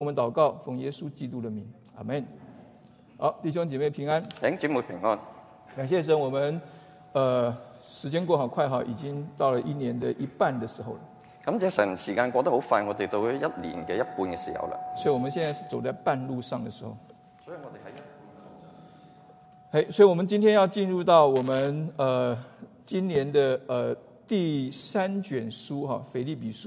我們禱告，奉耶穌基督的名，阿門。好，弟兄姐妹平安。弟兄姐妹平安，感謝神。我們呃，時間過好快哈，已經到了一年的一半的時候了。感謝神，時間過得好快，我哋到咗一年嘅一半嘅時候了。所以，我們現在是走在半路上的時候。所以我哋喺半路上。誒，所以，我們今天要進入到我們呃今年的呃第三卷書哈，哦《腓立比書》。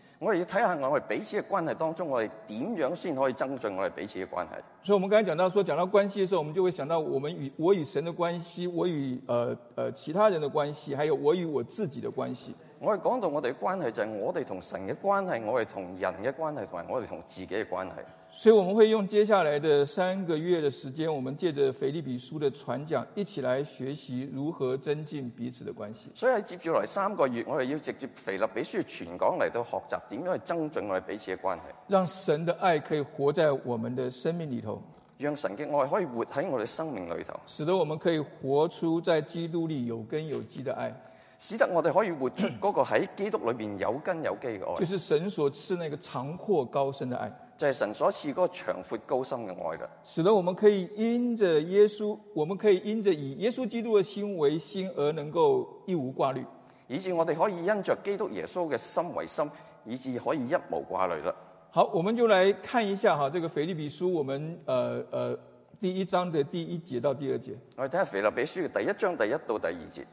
我哋要睇下我哋彼此嘅關係當中，我哋點樣先可以增進我哋彼此嘅關係。所以，我們剛才講到說，講到關係嘅時候，我們就會想到，我們與我與神嘅關係，我與誒誒、呃呃、其他人的關係，還有我與我自己的關係。我哋講到我哋嘅關係，就係我哋同神嘅關係，我哋同人嘅關係，同埋我哋同自己嘅關係。所以我們會用接下來的三個月的時間，我們借着腓立比書的傳講，一起來學習如何增進彼此的關係。所以喺接住來三個月，我哋要直接腓立比書傳講嚟到學習點樣去增進我哋彼此嘅關係，讓神的愛可以活在我們的生命裏頭，讓神嘅愛可以活喺我哋生命裏頭，使得我們可以活出在基督裏有根有基的愛，使得我哋可以活出嗰個喺基督裏面有根有基嘅愛，就是神所賜那個長闊高深的愛。就係、是、神所賜嗰個長闊高深嘅愛啦，使得我們可以因着耶穌，我們可以因着以耶穌基督嘅心為心，而能夠一無掛慮。以至我哋可以因着基督耶穌嘅心為心，以至可以一無掛慮啦。好，我們就來看一下哈，這個腓立比書，我們誒誒、呃呃、第一章的第一節到第二節。我睇下腓立比書嘅第一章第一到第二節。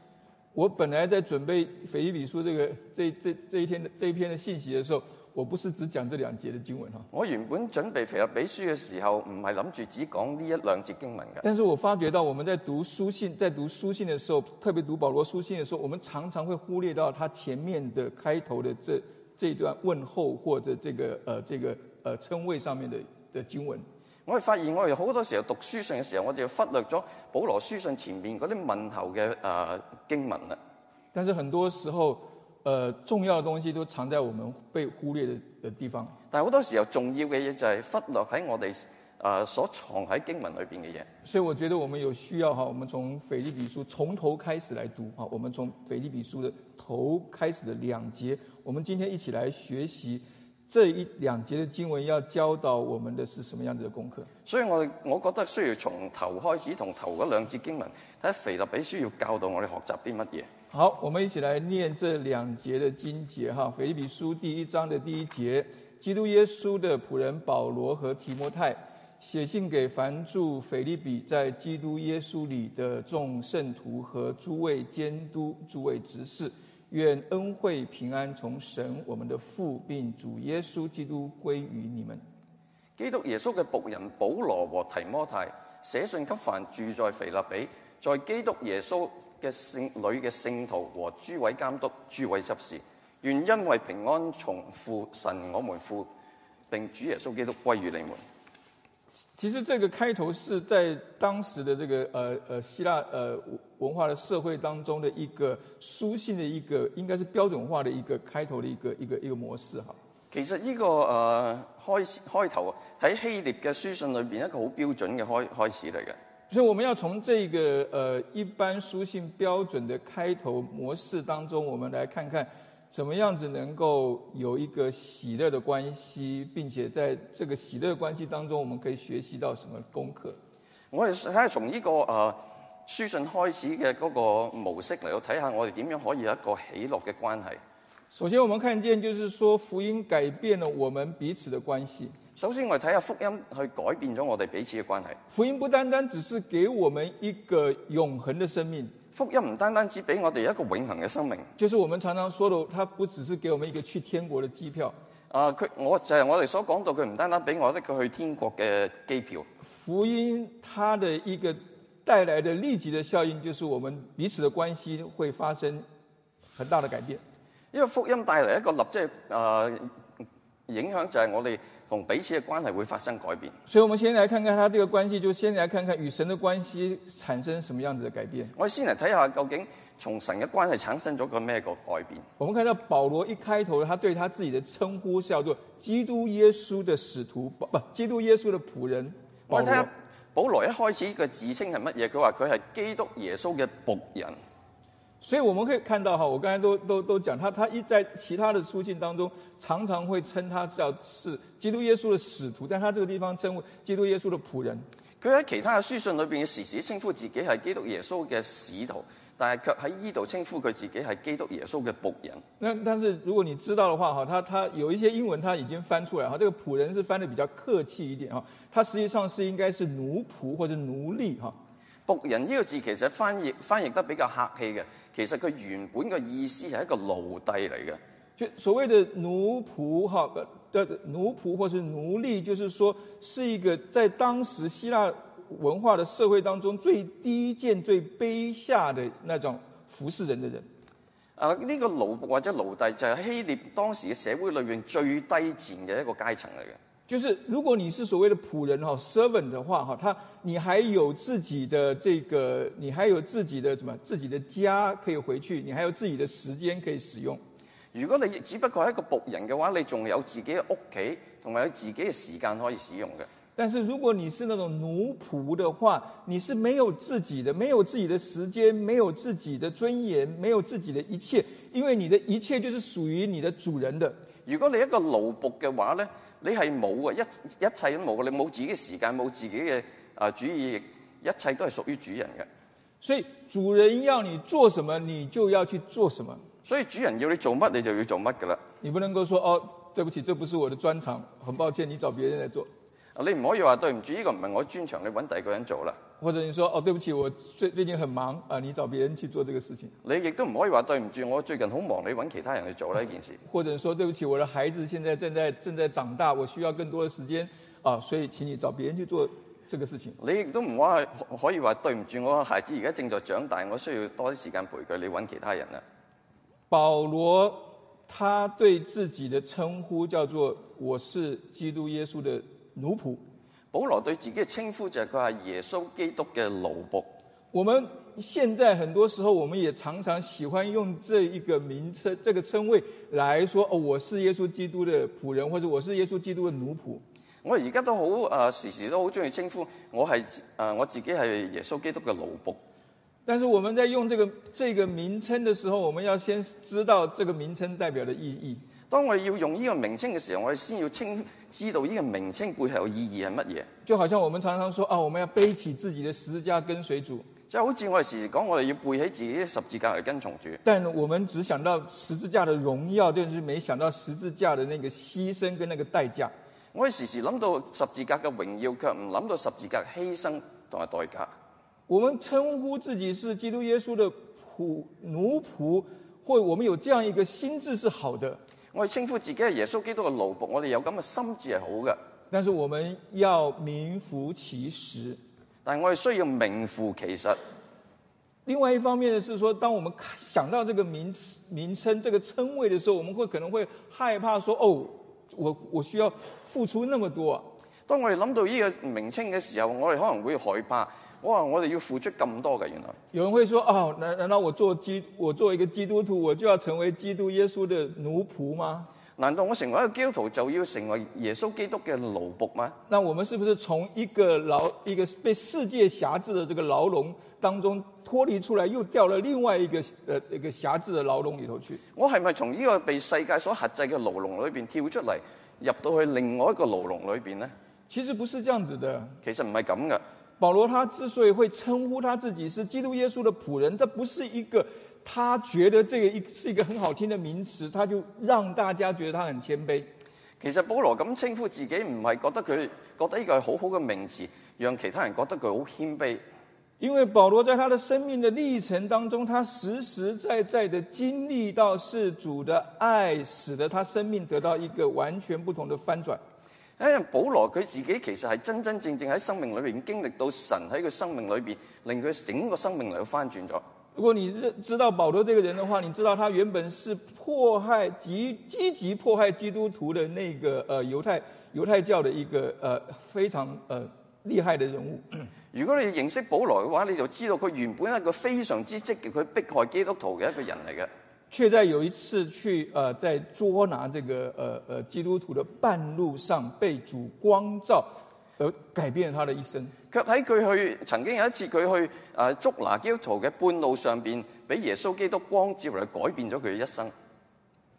我本來在準備腓立比書這個這這這一天的這一篇的信息嘅時候。我不是只講這兩節的經文，我原本準備腓立比書嘅時候，唔係諗住只講呢一兩節經文嘅。但是我發覺到我們在讀書信，在讀書信嘅時候，特別讀保羅書信嘅時候，我們常常會忽略到他前面的開頭的這這段問候或者這個呃這個呃稱謂上面的的經文。我哋發現我哋好多時候讀書信嘅時候，我哋忽略咗保羅書信前面嗰啲問候嘅啊、呃、經文啦。但是很多時候。呃，重要的東西都藏在我們被忽略的的地方。但係好多時候重要嘅嘢就係忽略喺我哋、呃、所藏喺經文裏邊嘅嘢。所以我覺得我們有需要哈，我們從腓立比書從頭開始來讀啊。我們從腓立比書的頭開始的兩節，我們今天一起來學習。這一兩節的經文要教導我們的是什麼樣子的功課？所以我我覺得需要從頭開始，從頭嗰兩節經文睇《腓立比書》要教導我哋學習啲乜嘢。好，我們一起來念這兩節的經節哈，《腓立比書》第一章的第一節，基督耶穌的僕人保羅和提摩太寫信給凡住腓立比在基督耶穌裏的眾聖徒和諸位監督、諸位執事。願恩惠平安從神，我們的父，並主耶穌基督歸於你們。基督耶穌嘅僕人保羅和提摩太，寫信給凡,凡住在腓立比，在基督耶穌嘅聖女嘅聖徒和諸位監督、諸位執事，願恩惠平安從父神，我們父，並主耶穌基督歸於你們。其實這個開頭是在當時的這個，呃，呃希臘，呃文化的社會當中的一個書信的一個，應該是標準化的一個開頭的一個一個一個模式哈。其實這個，呃開始開頭在希臘的書信裏面一個好標準的開開始嚟嘅。所以我們要從這個，呃一般書信標準的開頭模式當中，我們來看看。怎麼樣子能夠有一個喜樂的關係，並且在這個喜樂關係當中，我們可以學習到什麼功課？我哋睇下從呢個誒書信開始嘅嗰個模式嚟，到睇下我哋點樣可以有一個喜樂嘅關係。首先，我們看見就是說，福音改變了我們彼此的關係。首先，我睇下福音去改變咗我哋彼此嘅關係。福音不單單只是給我們一個永恒的生命，福音唔單單只俾我哋一個永恒嘅生命。就是我們常常說的，它不只是給，給，給我們一個去天國嘅機票。啊，佢我就我哋所講到，佢唔單單俾我一個去天國嘅機票。福音它的一個帶來的立即的效應，就是我們彼此的關係會發生很大的改變。因為福音帶來一個立即，即、呃、誒影響就係我哋同彼此嘅關係會發生改變。所以，我們先來看看他這個關係，就先來看看與神的關係產生什麼樣子嘅改變。我哋先嚟睇下究竟從神嘅關係產生咗個咩個改變。我們睇到保羅一開頭，他對他自己嘅稱呼叫做基督耶穌的使徒，不，基督耶穌的僕人保羅。我們看下保羅一開始嘅自稱係乜嘢？佢話佢係基督耶穌嘅僕人。所以我們可以看到哈，我剛才都都都講他他一在其他的書信當中，常常會稱他叫是基督耶穌的使徒，但他這個地方稱為基督耶穌的僕人。佢喺其他的書信裏邊，佢時時稱呼自己係基督耶穌的使徒，但係卻喺呢度稱呼佢自己係基督耶穌的僕人。那但是如果你知道的話哈，他他有一些英文他已經翻出來哈，這個僕人是翻得比較客氣一點哈，他實際上是應該是奴僕或者奴隸哈。僕人呢個字其實翻譯翻譯得比較客氣嘅，其實佢原本嘅意思係一個奴隸嚟嘅。就所謂的奴僕哈、呃，奴僕或是奴隸，就是說是一個在當時希臘文化嘅社會當中最低賤、最卑下的那種服侍人嘅人。啊，呢、這個奴僕或者奴隸就係希臘當時嘅社會裏面最低賤嘅一個階層嚟嘅。就是如果你是所謂的僕人哈，servant 的話哈，他你還有自己的這個，你還有自己的什麼，自己的家可以回去，你還有自己的時間可以使用。如果你只不過是一個僕人的話，你仲有自己嘅屋企，同埋有自己嘅時間可以使用的。但是如果你是那種奴僕的話，你是沒有自己的，沒有自己的時間，沒有自己的尊嚴，沒有自己的一切，因為你的一切就是屬於你的主人的。如果你一個奴僕嘅話呢？你係冇啊，一一切都冇，你冇自己嘅時間，冇自己嘅啊主意，一切都係屬於主人嘅。所以主人要你做什麼，你就要去做什麼。所以主人要你做乜，你就要做乜噶啦。你不能夠說哦，對不起，這不是我的專長，很抱歉，你找別人嚟做。你唔可以話對唔住，呢個唔係我專長，你揾第二個人做啦。或者你說哦，對不起，我最最近很忙啊，你找別人去做這個事情。你亦都唔可以話對唔住，我最近好忙，你揾其他人去做啦呢件事。或者說對不起，我的孩子現在正在正在長大，我需要更多的時間啊，所以請你找別人去做這個事情。你亦都唔可以話對唔住，我嘅孩子而家正在長大，我需要多啲時間陪佢，你揾其他人啦。保羅他對自己的稱呼叫做我是基督耶穌的奴僕。保羅對自己嘅稱呼就係佢話耶穌基督嘅奴僕。我們現在很多時候，我們也常常喜歡用這一個名稱、這個稱謂來說，哦，我是耶穌基督的僕人，或者我是耶穌基督的奴僕。我而家都好誒、呃，時時都好中意稱呼我係、呃、我自己係耶穌基督嘅奴僕。但是我們在用這個這個名稱的時候，我們要先知道這個名稱代表嘅意義。當我要用呢個名稱嘅時候，我哋先要清知道呢個名稱背後的意義係乜嘢。就好像我們常常說啊，我們要背起自己嘅十字架跟隨主。即係好似我哋時時講，我哋要背起自己嘅十字架嚟跟從主。但我哋只想到十字架嘅榮耀，對對就是沒想到十字架嘅那個犧牲跟那個代價。我哋時時諗到十字架嘅榮耀，卻唔諗到十字架嘅犧牲同埋代價。我哋稱呼自己是基督耶穌嘅僕奴僕，會我們有這樣一個心智是好嘅？我哋稱呼自己係耶穌基督嘅奴僕，我哋有咁嘅心志係好嘅。但是我們要名副其實，但係我哋需要名副其實。另外一方面呢，是說，當我們想到這個名名稱、這個稱謂嘅時候，我們會可能會害怕，說：哦，我我需要付出那麼多。當我哋諗到呢個名稱嘅時候，我哋可能會害怕。哇！我哋要付出咁多嘅？原來有人會說：哦，難難道我做基，我做一個基督徒，我就要成為基督耶穌嘅奴僕嗎？難道我成為一個基督徒就要成為耶穌基督嘅奴僕嗎？那我們是不是從一個牢一個被世界轄制的這個牢籠當中脱離出來，又掉到另外一個誒、呃、一個轄制的牢籠裏頭去？我係咪從呢個被世界所轄制嘅牢籠裏邊跳出嚟，入到去另外一個牢籠裏邊呢？其實不是這樣子的，其實唔係咁嘅。保羅他之所以會稱呼他自己是基督耶穌的僕人，這不是一個他覺得這個一是一個很好聽的名詞，他就讓大家覺得他很謙卑。其實保羅咁稱呼自己，唔係覺得佢覺得呢個係好好嘅名詞，讓其他人覺得佢好謙卑。因為保羅在他的生命的歷程當中，他實實在在在的經歷到是主的愛，使得他生命得到一個完全不同的翻轉。因為保羅佢自己其實係真真正正喺生命裏面，經歷到神喺佢生命裏面，令佢整個生命嚟到翻轉咗。如果你知知道保羅這個人的話，你知道他原本是迫害、極積極迫害基督徒的那個誒猶太、呃、猶太教的一個、呃、非常誒、呃、厲害的人物。如果你認識保羅嘅話，你就知道佢原本係一個非常之積極去迫害基督徒嘅一個人嚟嘅。卻在有一次去，呃，在捉拿這個，呃，呃，基督徒的半路上被主光照，而改變他的一生。可喺佢去，曾經有一次佢去，啊、呃、捉拿基督徒嘅半路上邊，俾耶穌基督光照嚟，改變咗佢嘅一生。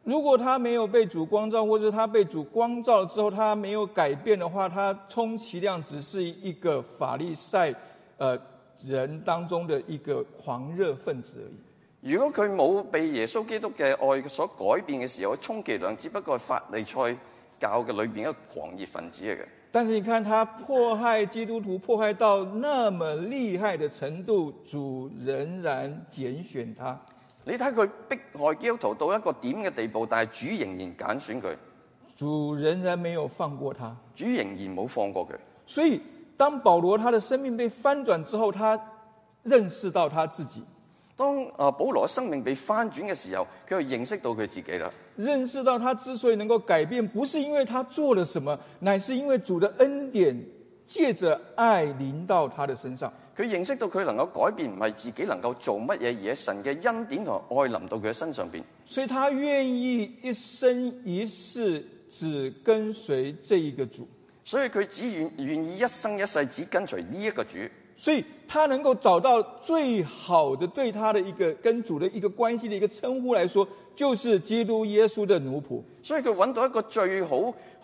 如果他沒有被主光照，或者他被主光照之後他沒有改變的話，他充其量只是一個法利賽，呃，人當中的一個狂熱分子而已。如果佢冇被耶穌基督嘅愛所改變嘅時候，充其量只不過係法利賽教嘅裏邊一個狂熱分子嚟嘅。但是你看他迫害基督徒迫害到那麼厲害的程度，主仍然揀選他。你睇佢迫害基督徒到一個點嘅地步，但係主仍然揀選佢。主仍然沒有放過他。主仍然冇放過佢。所以當保羅他的生命被翻轉之後，他認識到他自己。當保羅的生命被翻轉嘅時候，佢就認識到佢自己啦。認識到他之所以能夠改變，不是因為他做了什麼，乃是因為主的恩典，借着愛臨到他的身上。佢認識到佢能夠改變，唔係自己能夠做乜嘢，而係神嘅恩典同愛臨到佢嘅身上邊。所以，他願意一生一世只跟隨這一個主。所以，佢只願願意一生一世只跟隨呢一個主。所以他能夠找到最好的對他的一個跟主的一個關係的一個稱呼來說，就是基督耶穌的奴僕。所以佢揾到一個最好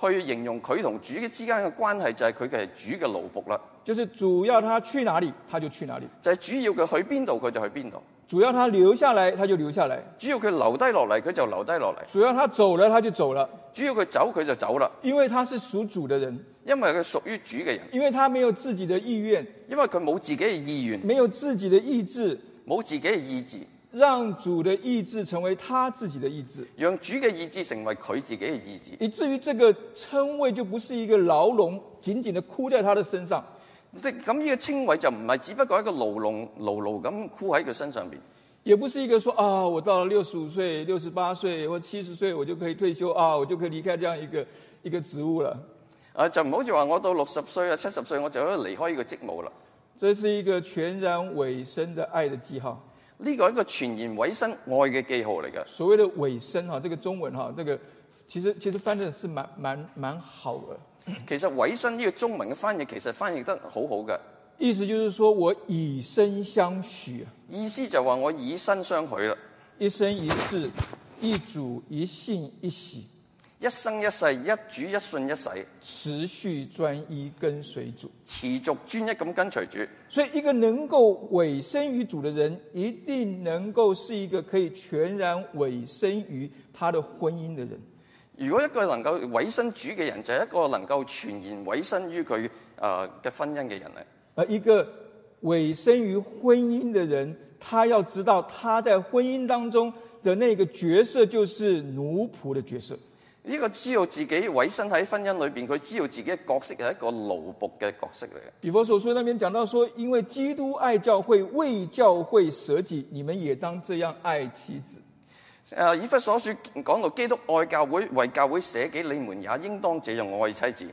去形容佢同主之間嘅關係，就係佢嘅主嘅奴僕啦。就是主要他去哪裏，他就去哪裏；就係主要佢去邊度，佢就去邊度。主要他留下來，他就留下來。主要佢留低落來，佢就留低落來。主要他走了，他就走了。主要佢走，佢就走了。因為他是屬主的人，因為佢屬於主嘅人。因為他沒有自己的意願，因為佢冇自己嘅意願，沒有自己的意志，冇自己嘅意志，讓主的意志成為他自己的意志，讓主嘅意志成為佢自己嘅意志，以至於這個稱謂就不是一個牢籠，緊緊地箍在他的身上。咁呢個稱謂就唔係只不過一個牢籠牢牢咁箍喺佢身上邊。也不是一個說啊、哦，我到了六十五歲、六十八歲或七十歲，我，歲我就可以退休啊、哦，我就可以離開這樣一個一個職務了。啊，就唔好似話我到六十歲啊、七十歲，我就可以離開呢個職務啦。這是一個全然委身的愛的記號。呢、這個係一個全然委身愛嘅記號嚟嘅。所謂的委身啊，這個中文哈，這個其實其實翻譯是蠻蠻蠻好嘅。其實委身呢個中文嘅翻譯，其實翻譯得好好嘅，意思就是說我以身相許啊，意思就話我以身相許啦，一生一世，一主一信一喜，一生一世，一主一順一世，持續專一跟隨主，持續專一咁跟隨主，所以一個能夠委身於主的人，一定能夠是一個可以全然委身於他的婚姻的人。如果一個能夠委身主嘅人，就係、是、一個能夠全然委身於佢啊嘅婚姻嘅人咧。啊，一個委身於婚姻嘅人，他要知道他在婚姻當中嘅那個角色就是奴僕嘅角色。一、這個知道自己委身喺婚姻裏邊，佢知道自己嘅角色係一個奴僕嘅角色嚟嘅。以弗所書嗰邊講到，說因為基督愛教會，為教會捨己，你們也當這樣愛妻子。誒，以弗所書講到基督愛教會，為教會捨己，你們也應當這樣愛妻子。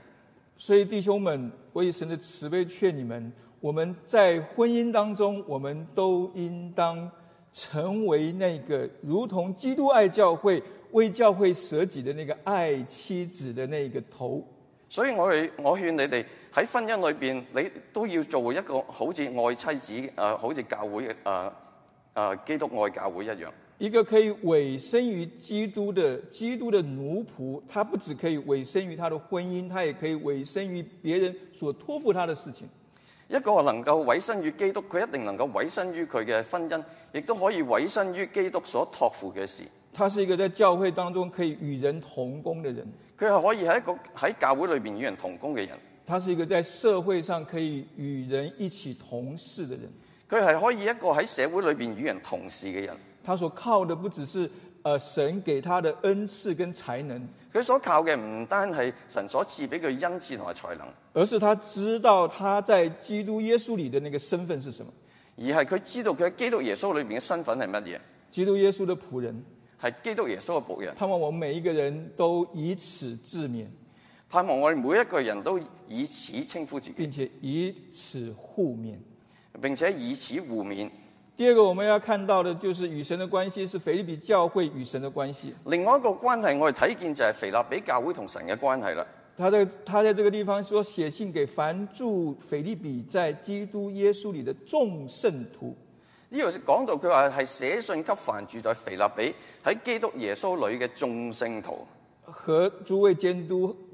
所以弟兄們，我以神的慈悲勸你們，我們在婚姻當中，我們都應當成為那個如同基督愛教會、為教會捨己的那個愛妻子的那個頭。所以我哋，我勸你哋喺婚姻裏邊，你都要做一個好似愛妻子誒，好似教會誒誒、啊啊，基督愛教會一樣。一個可以委身於基督的基督的奴僕，他不止可以委身於他的婚姻，他也可以委身於別人所託付他的事情。一個能夠委身於基督，佢一定能夠委身於佢嘅婚姻，亦都可以委身於基督所託付嘅事。他是一個在教會當中可以與人同工嘅人，佢係可以喺一個喺教會裏邊與人同工嘅人。他是一個在社會上可以與人一起同事嘅人，佢係可以一個喺社會裏邊與人同事嘅人。他所靠的不只是，呃，神給他的恩賜跟才能，佢所靠嘅唔單係神所賜俾佢恩賜同埋才能，而是他知道他在基督耶穌裏的那個身份是什麼，而係佢知道佢基督耶穌裏面嘅身份係乜嘢，基督耶穌的僕人，係基督耶穌嘅僕人。盼望我們每一個人都以此自勉，盼望我哋每一個人都以此稱呼自己，並且以此互勉，並且以此互勉。第二個我們要看到的，就是與神的關係，是腓立比教會與神的關係。另外一個關係我哋睇見，就係腓立比教會同神嘅關係啦。他在他喺這個地方說，寫信給凡住腓立比在基督耶穌裏的眾聖徒。呢、這個、是講到佢話係寫信給凡住在腓立比喺基督耶穌裏嘅眾聖徒。和諸位監督、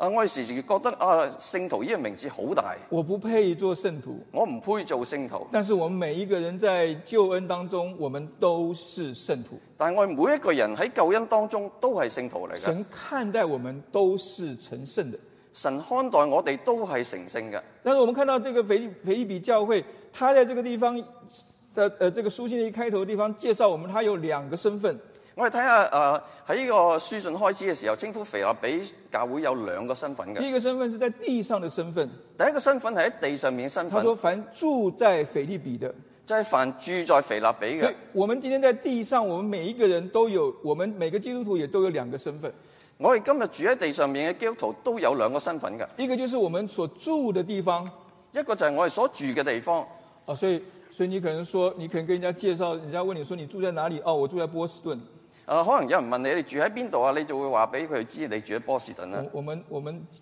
啊！我時時覺得啊，聖徒呢個名字好大。我不配做聖徒，我唔配做聖徒。但是我們每一個人在救恩當中，我們都是聖徒。但我哋每一個人喺救恩當中都是聖徒來的。神看待我們都是成聖的，神看待我哋都係成聖的。但是我們看到這個腓立，腓立比教會，他在這個地方在，誒、呃，這個書信嘅一開頭的地方介紹我們，他有兩個身份。我哋睇下誒喺呢個書信開始嘅時候，稱呼腓立比教會有兩個身份嘅。第一個身份是在地上的身份。第一個身份係喺地上面身份。佢說：凡住在腓立比嘅，即係凡住在腓立比嘅。我們今天在地上，我們每一個人都有，我們每個基督徒也都有兩個身份。我哋今日住喺地上面嘅基督徒都有兩個身份嘅。一個就是我們所住嘅地方，一個就係我哋所住嘅地方。啊，所以，所以你可能說，你可能跟人家介紹，人家問你說：你住在哪裏？哦，我住喺波士頓。啊，可能有人問你，你住喺邊度啊？你就會話俾佢知你住喺波士頓啦。我、我們、我、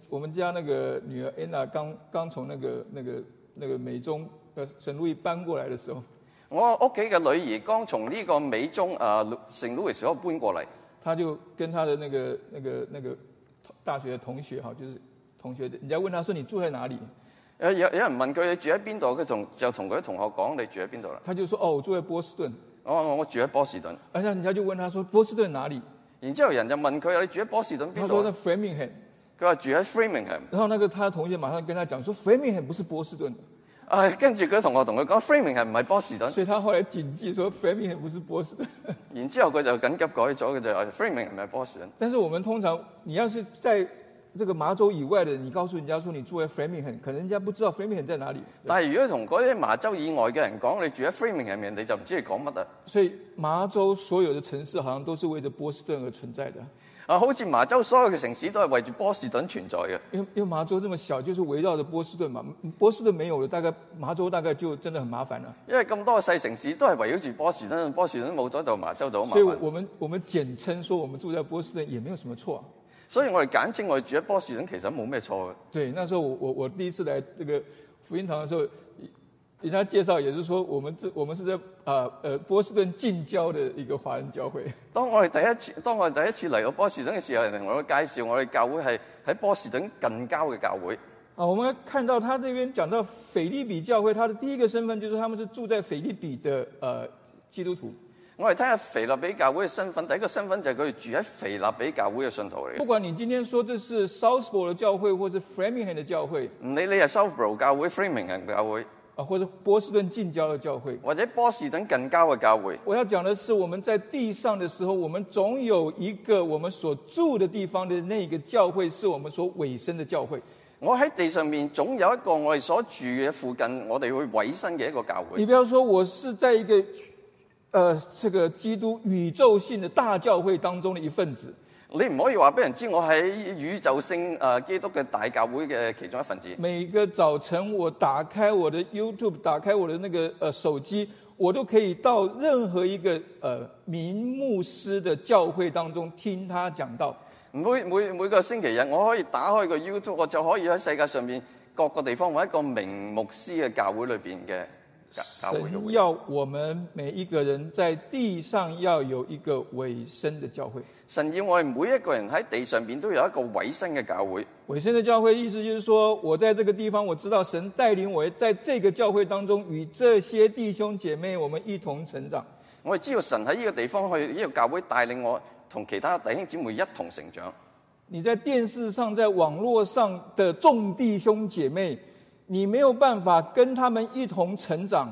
我、我，家那個女兒 Anna 剛剛從那個、那個、那個美中呃聖路易搬過來的時候，我屋企嘅女兒剛從呢個美中啊聖路易時候搬過嚟，她就跟她的那個、那個、那個大學同學哈，就是同學，人家問她說，你住喺哪裡？有有，有人問佢，你住喺邊度，佢同就同佢啲同學講你住喺邊度啦。他就說：哦，我住喺波士頓。Oh, 我住喺波士頓，然之後人家就問他說波士頓哪裡？然之後人就問佢，你住喺波士頓邊度？佢話住喺 Framingham。然後那個他同學馬上跟他講，說 Framingham 不是波士頓、啊。跟住佢同學同佢講，Framingham 唔係波士頓。所以他後來謹記說，說 Framingham 不是波士頓。然之後佢就緊急改咗，佢就係、啊、Framingham 唔係波士頓。但是我們通常，你要是在。這個麻州以外的，你告訴人家說你住喺 Framingham 可能人家不知道 Framingham 在哪裏，但係如果同嗰啲麻州以外嘅人講，你住喺 Framingham 就唔知道你講乜啦。所以麻州所有的城市，好像都是為住波士頓而存在的。啊，好似麻州所有嘅城市都係為住波士頓存在嘅，因為因為麻州這麼小，就是圍繞着波士頓嘛。波士頓沒有了，大概麻州大概就真的很麻煩啦。因為咁多細城市都係圍繞住波士頓，波士頓冇咗就麻州就好麻煩。所以我們我們簡稱說我們住在波士頓，也沒有什麼錯啊。所以我哋簡直我覺得波士頓其實冇咩錯嘅。對，那時候我我我第一次來這個福音堂的時候，人家介紹，也就是說我們這我們是在啊，呃，波士頓近郊的一個華人教會。當我哋第一次當我們第一次嚟到波士頓嘅時候，人哋同我介紹我哋教會係喺波士頓近郊嘅教會啊，我們看到他這邊講到腓立比教會，他的第一個身份就是他們是住在腓立比的呃，基督徒。我哋睇下腓立比教會嘅身份，第一個身份就係佢住喺腓立比教會嘅信徒嚟。不管你今天說這是 Southport 嘅教會，或是 Framingham 嘅教會，你你係 Southport 教會，Framingham 教會，啊，或者波士頓近郊嘅教會，或者波士頓近郊嘅教會。我要講嘅是，我們在地上的時候，我們總有一個我們所住嘅地方嘅那個教會，是我們所委身嘅教會。我喺地上面總有一個我哋所住嘅附近，我哋會委身嘅一個教會。你比方說我是在一個。呃，這個基督宇宙性的大教會當中的一份子，你唔可以話俾人知我喺宇宙性、呃、基督嘅大教會嘅其中一份子。每個早晨我打開我的 YouTube，打開我的那個呃手機，我都可以到任何一個呃名牧師的教會當中聽他講道。每每每個星期日，我可以打開個 YouTube，我就可以喺世界上面各個地方揾一個名牧師嘅教會裏面嘅。會會神要我們每一個人在地上要有一個委身的教會。神因為每一個人喺地上面都有一個委身嘅教會。委身嘅教會意思就是說，我在這個地方我知道神帶領我，在這個教會當中與這些弟兄姐妹我們一同成長。我哋知道神喺呢個地方去呢個教會帶領我同其他弟兄姊妹一同成長。你在電視上、在網絡上的眾弟兄姐妹，你沒有辦法跟他們一同成長，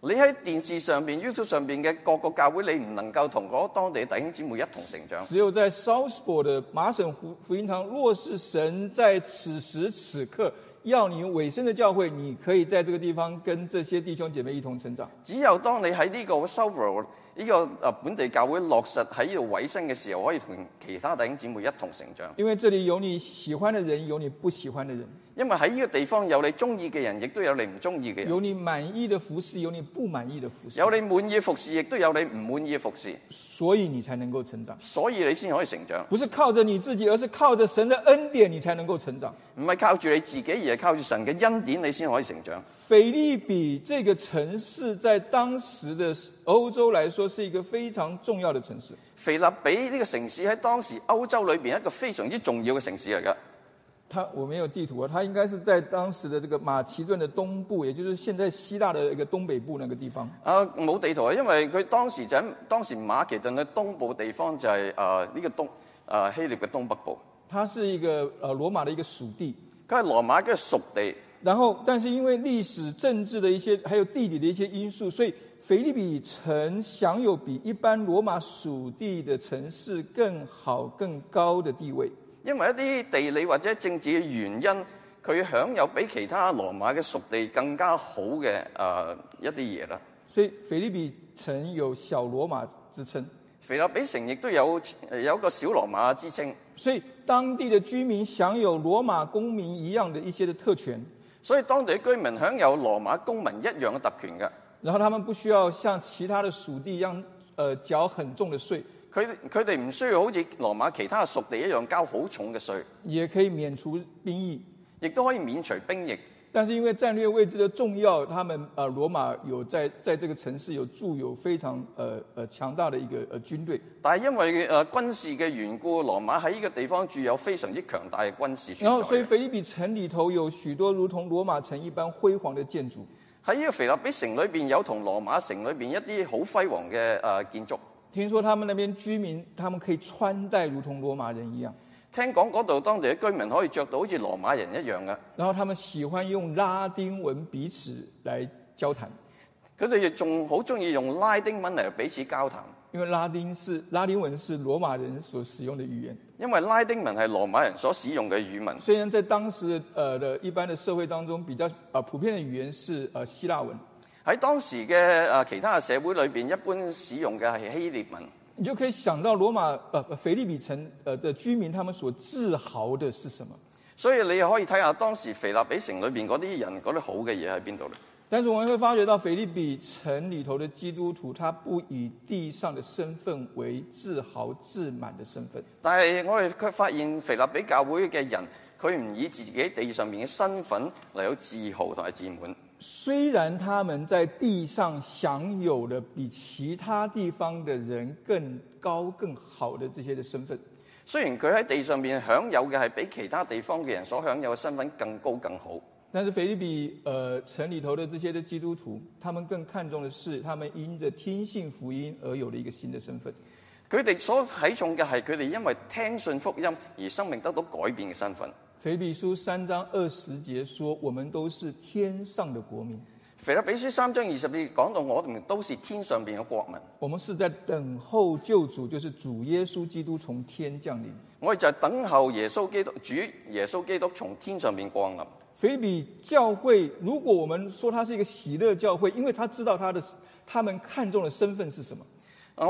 你喺電視上面 YouTube 上面嘅各個教會，你唔能夠同個當地的弟兄姊妹一同成長，只有在 Southport 的麻省福音堂，若是神在此時此刻要你委身的教會，你可以在這個地方跟這些弟兄姐妹一同成長，只有當你喺呢個 Southport 呢個啊本地教會落實喺度委身嘅時候，可以同其他弟兄姊妹一同成長，因為這裏有你喜歡的人，有你不喜歡的人。因為喺呢個地方有你中意嘅人，亦都有你唔中意嘅人。有你滿意的服侍，有你不滿意的服侍。有你滿意服侍，亦都有你唔滿意嘅服侍。所以你才能夠成長。所以你先可以成長。不是靠着你自己，而是靠着神的恩典，你才能夠成長。唔係靠住你自己，而係靠住神嘅恩典，你先可以成長。腓立比這個城市，在當時的歐洲來說，是一個非常重要的城市。腓立比呢個城市喺當時歐洲裏邊一個非常之重要嘅城市嚟噶。它我沒有地圖啊，它應該是在當時的這個馬其頓的東部，也就是現在希臘的一個東北部那個地方。啊，冇地圖啊，因為佢當時在，當時馬其頓的東部的地方就係、是、呢、呃這個東啊、呃、希臘嘅東北部。它是一個呃羅馬的一個屬地，佢係羅馬嘅屬地。然後，但是因為歷史、政治的一些，還有地理的一些因素，所以腓立比城享有比一般羅馬屬地的城市更好、更高的地位。因為一啲地理或者政治嘅原因，佢享有比其他羅馬嘅屬地更加好嘅誒、呃、一啲嘢啦。所以腓立比城有小羅馬之稱，腓立比城亦都有有一個小羅馬之稱，所以當地嘅居民享有羅馬公民一樣嘅一些嘅特權。所以當地嘅居民享有羅馬公民一樣嘅特權嘅。然後，他們不需要像其他嘅屬地一樣，誒、呃、繳很重嘅稅。佢佢哋唔需要好似羅馬其他屬地一樣交好重嘅稅，也可以免除兵役，亦都可以免除兵役。但是因為戰略位置的重要，他們啊呃、羅馬有在在這個城市有駐有非常呃呃強大的一個呃軍隊。但係因為呃軍事嘅緣故，羅馬喺呢個地方駐有非常之強大嘅軍事在。然後所以腓立比城裏頭有許多如同羅馬城一般輝煌嘅建築。喺呢個腓立比城裏邊有同羅馬城裏邊一啲好輝煌嘅啊、呃、建築。聽說他們那邊居民，他們可以穿戴如同羅馬人一樣。聽講嗰度當地嘅居民可以着到好似羅馬人一樣嘅。然後他們喜歡用拉丁文彼此來交談，佢哋亦仲好中意用拉丁文嚟彼此交談，因為拉丁是拉丁文是羅馬人所使用的語言。因為拉丁文係羅馬人所使用的語文。雖然在當時的，呃，一般的社會當中，比較，呃，普遍的語言是，呃，希臘文。喺當時嘅誒其他嘅社會裏邊，一般使用嘅係希臘文。你就可以想到羅馬誒誒腓立比城誒的居民，他們所自豪的是什麼？所以你可以睇下當時腓立比城裏邊嗰啲人嗰啲好嘅嘢喺邊度咧。但是我們會發覺到腓立比城裏頭嘅基督徒，他不以地上嘅身份為自豪自滿嘅身份。但係我哋卻發現腓立比教會嘅人，佢唔以自己地上面嘅身份嚟到自豪同埋自滿。雖然他們在地上享有的比其他地方的人更高更好的這些的身份，雖然佢喺地上面享有嘅係比其他地方嘅人所享有的身份更高更好，但是腓立比，呃，城裏頭的這些的基督徒，他們更看重的是，他們因着聽信福音而有了一個新的身份，佢哋所睇重嘅係佢哋因為聽信福音而生命得到改變嘅身份。腓立比書三章二十節說，我們都是天上的國民。腓立比書三章二十節講到，我們都是天上邊嘅國民。我們是在等候救主，就是主耶穌基督從天降臨。我哋就等候耶穌基督，主耶穌基督從天上邊降臨。腓立比教會，如果我們說它是一個喜樂教會，因為他知道他的，他們看中嘅身份是什麼？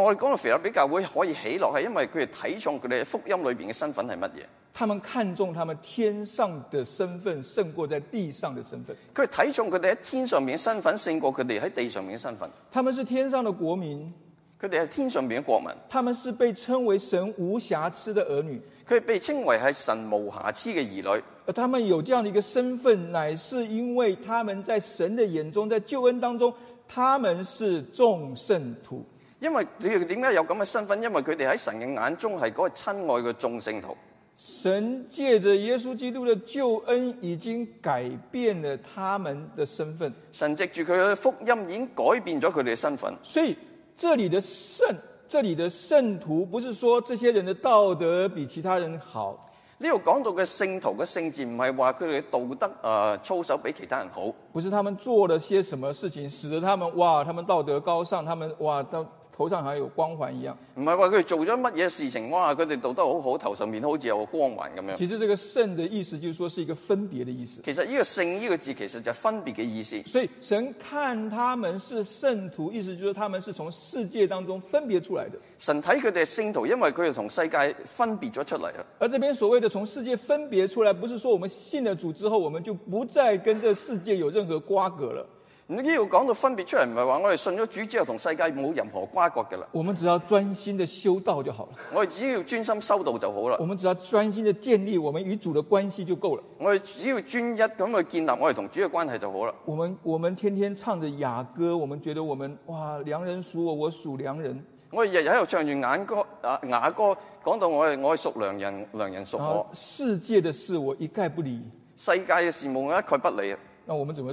我哋講到腓立比教會可以起落，係因為佢哋睇重佢哋福音裏邊嘅身份係乜嘢？他們看重，他們天上的身份勝過在地上的身份。佢係睇重，佢哋喺天上面嘅身份勝過佢哋喺地上面嘅身份。他們是天上的國民，佢哋係天上面嘅國民。他們是被稱為神無瑕疵的兒女，佢哋被稱為係神無瑕疵嘅兒女。他們有這樣的一個身份，乃是因為他們在神的眼中，在救恩當中，他們是眾聖徒。因為你哋點解有咁嘅身份？因為佢哋喺神嘅眼中係嗰個親愛嘅眾聖徒。神借着耶穌基督的救恩，已經改變了他們的身份。神借住佢嘅福音，已經改變咗佢哋嘅身份。所以，這裏的聖，這裏的聖徒，不是說這些人的道德比其他人好。呢度講到嘅聖徒嘅聖潔，唔係話佢哋道德啊、呃、操守比其他人好，不是他們做了些什麼事情，使得他們哇，他們道德高尚，他們哇都。頭上還有光環一樣，唔係話佢做咗乜嘢事情，哇！佢哋做得好好，頭上面好似有個光環咁樣。其實這個聖的意思，就是說是一個分別的意思。其實呢個聖呢個字，其實就是分別嘅意思。所以神看他們是聖徒，意思就是他們是從世界當中分別出來的。神睇佢哋係聖徒，因為佢哋同世界分別咗出來的。而這邊所謂的從世界分別出來，不是說我們信了主之後，我們就不再跟這世界有任何瓜葛了。你呢度講到分別出嚟，唔係話我哋信咗主之後，同世界冇任何瓜葛嘅啦。我哋只要專心嘅修道就好了。 我哋只要專心修道就好啦。我哋只要專心嘅建立我哋與主嘅關係就夠啦。我哋只要專一咁去建立我哋同主嘅關係就好啦。我哋，我哋天天唱著雅歌，我哋覺得我哋：「哇，良人屬我，我屬良人。我哋日日喺度唱住眼歌啊，雅歌，講到我哋：「我係屬良人，良人屬我。啊，世界嘅事我一概不理。世界嘅事務我一概不理啊。那我們怎麼？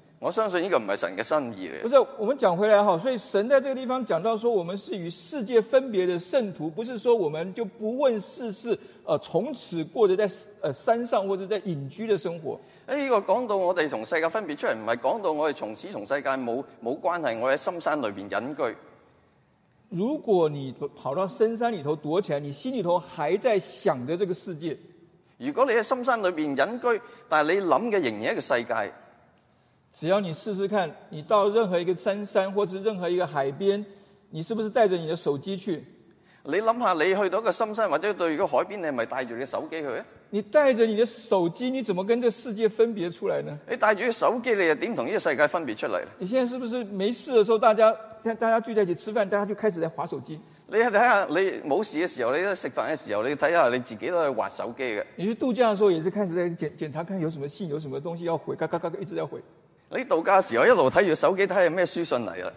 我相信呢個唔係神嘅心意嚟，不是，我們講回來哈，所以神在這個地方講到說，我們是與世界分別的聖徒，不是說我們就不問世事，呃，從此過着在呃山上或者在隱居的生活。誒，呢個講到我哋從世界分別出嚟，唔係講到我哋從此從世界冇冇關係，我喺深山裏邊隱居。如果你跑到深山裏頭躲起來，你心裏頭還在想着這個世界；如果你喺深山裏邊隱居，但係你諗嘅仍然係一個世界。只要你試試看，你到任何一個山山，或者是任何一個海邊，你是不是帶着你的手機去？你諗下，你去到一個深山，或者到一個海邊，你係咪帶住你的手機去啊？你帶着你的手機，你怎麼跟這個世界分別出來呢？你帶住手機，你又點同呢個世界分別出來呢？你現在是不是沒事的時候，大家大家聚在一起吃飯，大家就開始在滑手機？你睇下，你冇事嘅時候，你喺食飯嘅時候，你睇下你自己都係滑手機嘅。你去度假嘅時候，也是開始在檢檢查，看看有什麼信，有什麼東西要回，嘎嘎嘎，一直要回。你度假時候一路睇住手機，睇下咩書信嚟呀。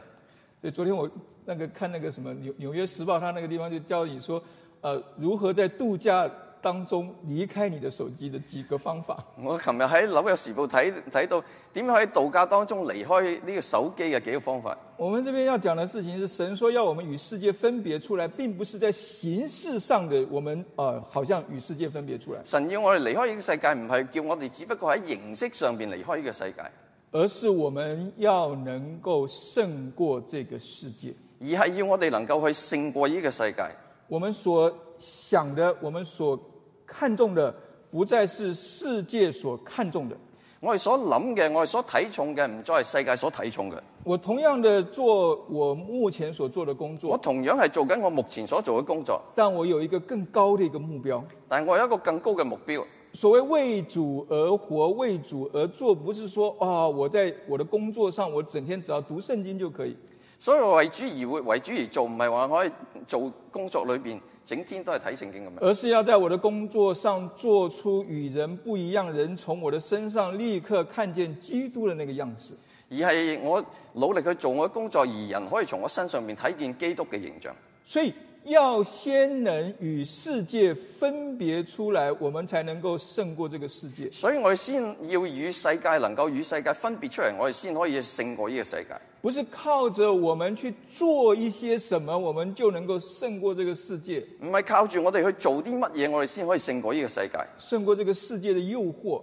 所以昨天我那個看那個什麼紐紐約時報，他那個地方就教你說，呃，如何在度假當中離開你的手機的幾個方法。我琴日喺紐約時報睇睇到點樣喺度假當中離開呢個手機嘅幾個方法。我們這邊要講的事情是神說要我們與世界分別出來，並不是在形式上的我們啊、呃，好像與世界分別出來。神要我哋離開呢個世界，唔係叫我哋只不過喺形式上邊離開呢個世界。而是我們要能夠勝過這個世界，而係要我哋能夠去勝過一個世界。我們所想的，我們所看重的，不再是世界所看重的。我哋所諗嘅，我哋所睇重嘅，唔再係世界所睇重嘅。我同樣的做我目前所做的工作，我同樣係做緊我目前所做嘅工作。但我有一個更高的一個目標。但我有一個更高的目標。所謂為主而活、為主而做，不是說啊、哦，我在我的工作上，我整天只要讀聖經就可以。所以為主而活、為主而做，唔係話我以做工作裏邊整天都係睇聖經咁樣。而是要在我的工作上做出與人不一樣，人從我的身上立刻看見基督的那個樣子。而係我努力去做我的工作，而人可以從我身上面睇見基督嘅形象。所以。要先能與世界分別出來，我們才能夠勝過這個世界。所以我哋先要與世界，能夠與世界分別出來，我哋先可以勝過呢個世界。不是靠着我們去做一些什麼，我們就能夠勝過這個世界。唔係靠住我哋去做啲乜嘢，我哋先可以勝過呢個世界，勝過這個世界的誘惑。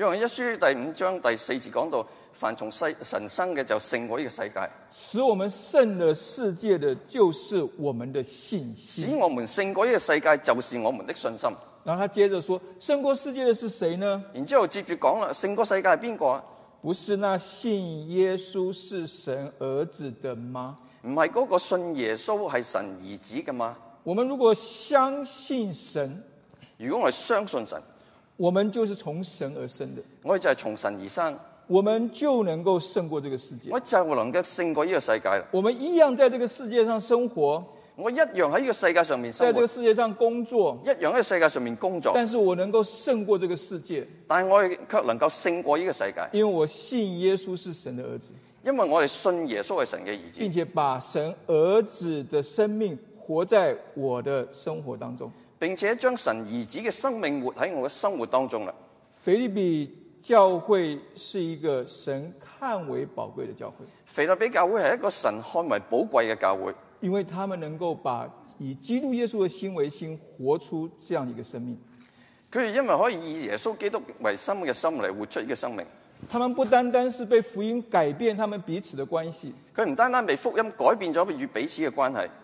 因為一書第五章第四節講到，凡從世神生嘅就勝過呢個世界。使我們勝過這世界的，就是我們的信心。使我們勝過呢個世界，就是我們的信心。然後他接着說，勝過世界的是誰呢？然之後接住講啦，勝過世界係邊個啊？不是那信耶穌是神兒子的嗎？唔係嗰個信耶穌係神兒子嘅嗎？我們如果相信神，如果我哋相信神。我們就是從神而生的。我就係從神而生。我們就能夠勝過這個世界。我就能夠勝過呢個世界啦。我們一樣在這個世界上生活。我一樣喺呢個世界上面生活。在這個世界上工作。一樣喺世界上面工作。但是我能夠勝過這個世界。但係我卻能夠勝過呢個世界。因為我信耶穌是神的兒子。因為我係信耶穌係神嘅兒子，並且把神兒子的生命活在我的生活當中。並且將神兒子嘅生命活喺我嘅生活當中啦。腓立比教會是一個神看為寶貴的教會。腓立比教會係一個神看為寶貴嘅教會，因為他們能夠把以基督耶穌嘅心為心，活出這樣一個生命。佢哋因為可以以耶穌基督為生命嘅心嚟活出一個生命。他們不單單是被福音改變，他們彼此的關係。佢唔單單被福音改變咗，佢與彼此嘅關係。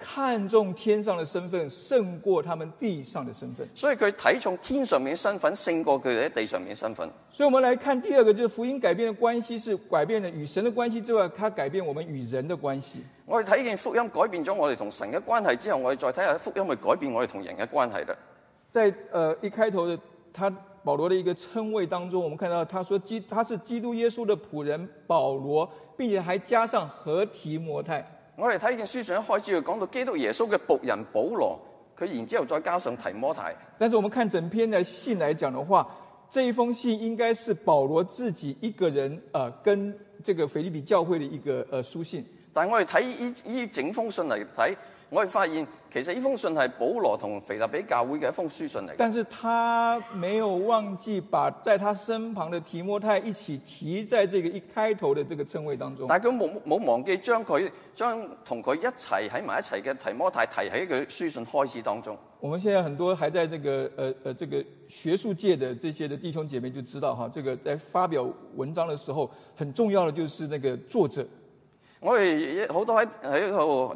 看重天上的身份勝過他們地上的身份，所以可以睇重天上面身份勝過佢哋喺地上面身份。所以，我們來看第二個，就是福音改變的關係是改變了與神的關係之外，它改變我們與人的關係。我哋睇見福音改變咗我哋同神的關係之後，我哋再睇下福音會改變我哋同人的關係啦。在呃，一開頭的他保羅的一個稱謂當中，我們看到他說他是基他是基督耶穌的僕人保羅，並且還加上和提摩太。我哋睇件書上一開始就講到基督耶穌嘅僕人保羅，佢然之後再加上提摩太。但是我們看整篇嘅信嚟講的話，這一封信應該是保羅自己一個人，誒、呃，跟這個腓立比教會嘅一個誒書信。但係我哋睇以，以整封信嚟睇。我會發現其實呢封信係保羅同腓立比教會嘅一封書信嚟。但是他沒有忘記把在他身旁的提摩太一起提在這個一開頭的這個稱謂當中。但係佢冇冇忘記將佢將同佢一齊喺埋一齊嘅提摩太提喺佢書信開始當中。我們現在很多還在這個呃呃、這個、學術界的這些的弟兄姐妹就知道哈，這個、在發表文章的時候很重要的就是那個作者。我哋好多喺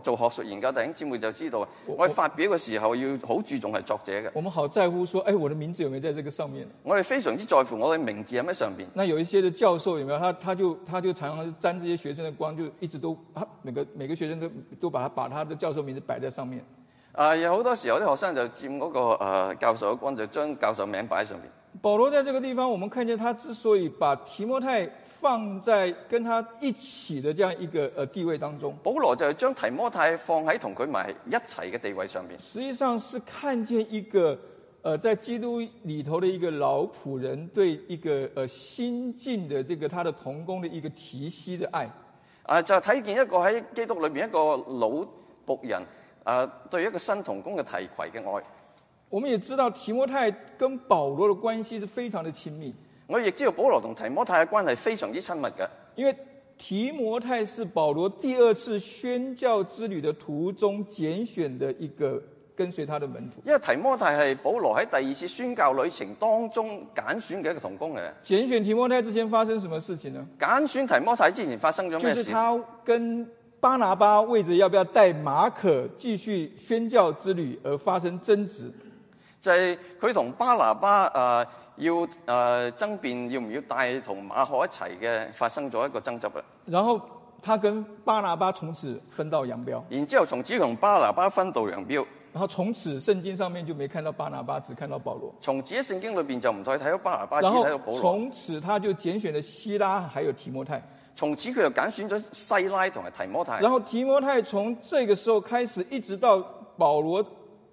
做學術研究，弟兄姊妹就知道，我哋發表嘅時候要好注重係作者嘅。我們好在乎說，誒、哎，我的名字有沒有在這個上面？我哋非常之在乎我嘅名字喺咩上面。那有一些嘅教授，有沒有？他就他就他就常常沾這些學生的光，就一直都，每個每個學生都都把他把他的教授名字擺在上面。啊！有好多時候啲學生就佔嗰、那個、呃、教授嘅光，就將教授名擺喺上面。保羅在這個地方，我們看見他之所以把提摩太放在跟他一起的這樣一個呃地位當中。保羅就係將提摩太放喺同佢埋一齊嘅地位上邊。實際上是看見一個，呃，在基督裏頭的一個老僕人對一個呃新進的這個他的同工的一個提惜的愛。啊，就睇見一個喺基督裏邊一個老僕人。誒、uh, 對於一個新同工嘅提攜嘅愛。我們也知道提摩太跟保羅嘅關係是非常的親密。我亦知道保羅同提摩太嘅關係非常之親密嘅。因為提摩太是保羅第二次宣教之旅的途中揀選嘅一個跟隨他的門徒。因為提摩太係保羅喺第二次宣教旅程當中揀選嘅一個同工嚟嘅。揀選提摩太之前發生什麼事情呢？揀選提摩太之前發生咗咩事？就是他跟巴拿巴為咗要不要帶馬可繼續宣教之旅而發生爭執，在佢同巴拿巴誒、呃、要誒、呃、爭辯要唔要帶同馬可一齊嘅，發生咗一個爭執啦。然後他跟巴拿巴從此分道揚鑣。然之後從此同巴拿巴分道揚鑣。然後從此聖經上面就沒看到巴拿巴，只看到保羅。從此聖經裏邊就唔再睇到巴拿巴，只睇到保羅。從此他就揀選了希拉還有提摩太。從此佢又揀選咗西拉同埋提摩太。然後提摩太從這個時候開始，一直到保羅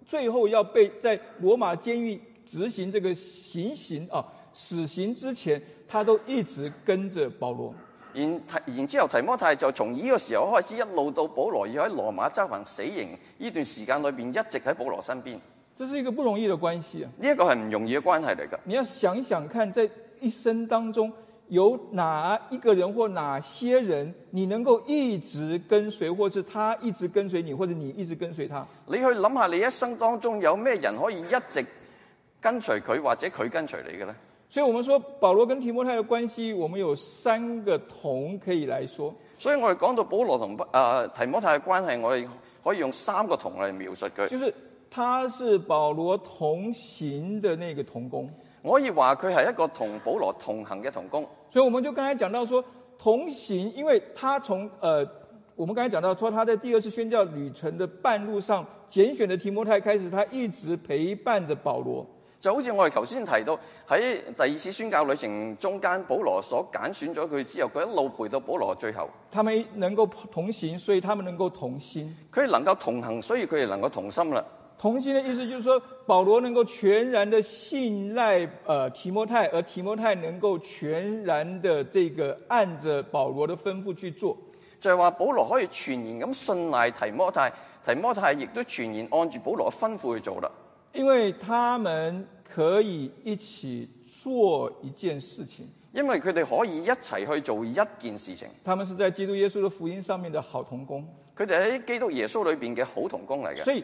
最後要被在羅馬監獄執行這個行刑啊死刑之前，他都一直跟着保羅。然然之後提摩太就從呢個時候開始，一路到保羅要喺羅馬執行死刑呢段時間裏邊，一直喺保羅身邊。這是一個不容易的關係啊！呢、這、一個係唔容易嘅關係嚟㗎。你要想一想，看在一生當中。有哪一個人或哪些人，你能夠一直跟隨，或者是他一直跟隨你，或者你一直跟隨他？你去諗下，你一生當中有咩人可以一直跟隨佢，或者佢跟隨你嘅呢？所以，我們說保羅跟提摩太嘅關係，我們有三個同可以來說。所以我哋講到保羅同誒提摩太嘅關係，我哋可以用三個同嚟描述佢。就是他是保羅同行嘅那個同工，我可以話佢係一個同保羅同行嘅同工。所以我們就剛才講到說，說同行，因為他從呃，我們剛才講到說，說他在第二次宣教旅程的半路上，揀選的提摩太開始，他一直陪伴着保羅。就好似我哋頭先提到，喺第二次宣教旅程中間，保羅所揀選咗佢之後，佢一路陪到保羅最後，他們能夠同行，所以他們能夠同心。佢能夠同行，所以佢哋能夠同心啦。同心的意思就是說，保羅能夠全然的信賴，誒提摩太，而提摩太能夠全然的這個按着保羅的吩咐去做，就係話保羅可以全然咁信賴提摩太，提摩太亦都全然按住保羅吩咐去做啦，因為他們可以一起做一件事情，因為佢哋可以一齊去做一件事情。他們是在基督耶穌的福音上面的好同工，佢哋喺基督耶穌裏邊嘅好同工嚟嘅，所以。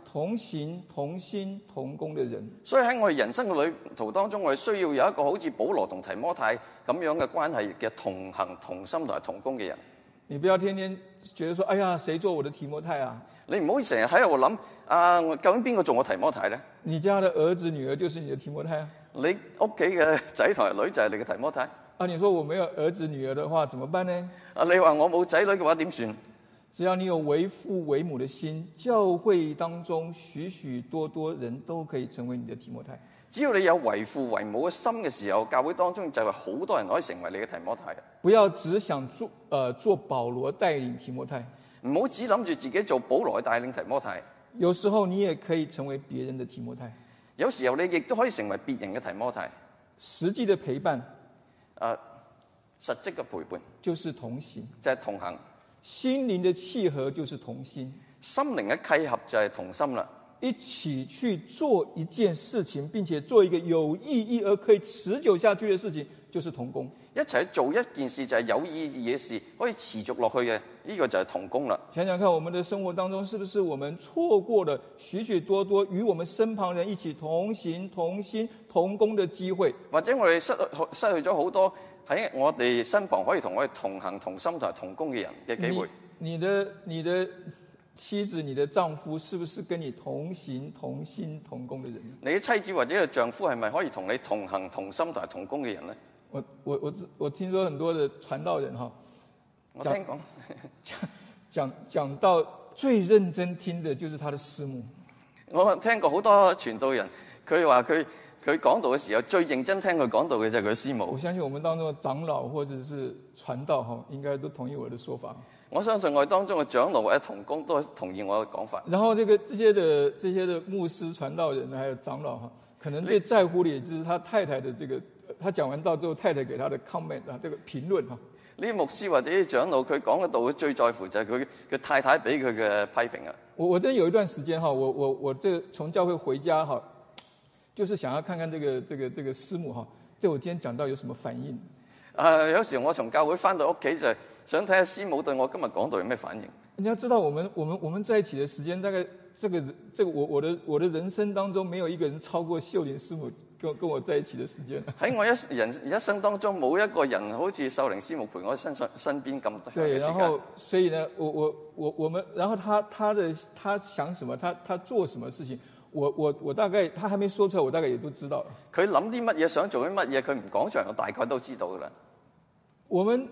同行同心同工嘅人，所以喺我哋人生嘅旅途當中，我哋需要有一個好似保羅同提摩太咁樣嘅關係嘅同行同心同埋同工嘅人。你不要天天覺得說，哎呀，誰做我嘅提摩太啊？你唔好成日喺度諗，啊，究竟邊個做我的提摩太咧？你家嘅兒子、女兒就是你嘅提摩太啊？你屋企嘅仔同女就係你嘅提摩太啊。啊，你說我沒有兒子女兒嘅話，怎麼辦呢？啊，你話我冇仔女嘅話，點算？啊。只要你有為父為母的心，教會當中許許多多人都可以成為你的提摩太。只要你有為父為母嘅心嘅時候，教會當中就係好多人可以成為你嘅提摩太。不要只想做，呃，做保羅帶領提摩太，唔好只諗住自己做保羅帶領提摩太。有時候你也可以成為別人的提摩太，有時候你亦都可以成為別人嘅提摩太。實際嘅陪伴，啊、呃，實際嘅陪伴，就是同行，即係同行。心，靈心，心靈的契合就是同心，心靈嘅契合就係同心啦。一起去做一件事情，並且做一個有意義而可以持久下去嘅事情，就是同工。一齊做一件事就係有意義嘅事，可以持續落去嘅，呢、這個就係同工啦。想想看，我們的生活當中，是不是我們錯過了許許多，多多與我們身旁人一起同行、同心、同工的機會，或者我哋失失去咗好多？喺我哋身旁可以同我哋同行同心同工嘅人嘅機會。你，你的你的妻子、你的丈夫，是不是跟你同行同心同工嘅人？你嘅妻子或者個丈夫，係咪可以同你同行同心同工嘅人咧？我我我知，我聽說很多嘅傳道人哈，我聽 講講講講到最認真聽嘅，就是他的師母。我聽過好多傳道人，佢話佢。佢講道嘅時候最認真聽佢講道嘅就係佢師母。我相信我們當中嘅長老或者是傳道哈，應該都同意我的說法。我相信我們當中嘅長老或者同工都同意我嘅講法。然後呢、這個這些的這些的牧師傳道人，還有長老哈，可能最在乎嘅也就是他太太的這個，他講完道之後太太給他的 comment 啊，這個評論哈。呢牧師或者呢長老佢講嘅道理，最在乎就係佢佢太太俾佢嘅批評啊。我我真有一段時間哈，我我我即係從教會回家哈。就是想要看看這個、這個、這個師母哈，對我今天講到有什麼反應？啊，有時我從教會翻到屋企就，想睇下師母對我今日講到有咩反應。你要知道，我們、我們、我們在一起的時間，大概這個、這個，我、我的、我的人生當中，沒有一個人超過秀玲師母跟跟我在一起的時間。喺我一人一生當中，冇一個人好似秀玲師母陪我身上身邊咁多。對，然後所以呢，我、我、我、我們，然後他、他的、他想什麼，他他做什麼事情？我我我大概，他還沒說出來，我大概也都知道。佢諗啲乜嘢，想做啲乜嘢，佢唔講出來，我大概都知道噶啦。我們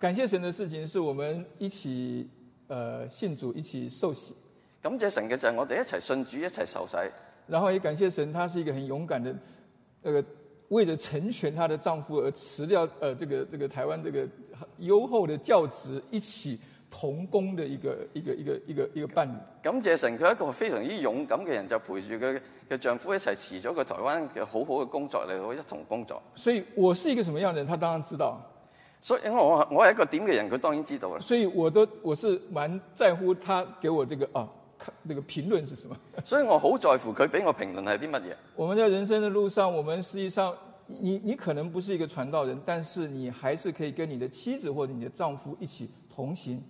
感謝神的事情，是我們一起，誒、呃，信主一起受洗。感謝神嘅就係我哋一齊信主一齊受洗。然後也感謝神，他是一個很勇敢的，誒、呃，為咗成全他的丈夫而辭掉，誒、呃，這個這個台灣這個優厚的教職，一起。同工的一個一個一個一個一個伴侶，感謝神，佢係一個非常之勇敢嘅人，就陪住佢嘅丈夫一齊辭咗個台灣嘅好好嘅工作嚟，到一同工作。所以我是一個什麼樣的人，他當然知道。所以因為我我係一個點嘅人，佢當然知道啦。所以我都我是蠻在乎，他給我這個啊，佢、這個評論是什麼？所以我好在乎佢俾我評論係啲乜嘢。 我們在人生的路上，我們實際上，你你可能不是一個傳道人，但是你還是可以跟你的妻子或者你的丈夫一起同行。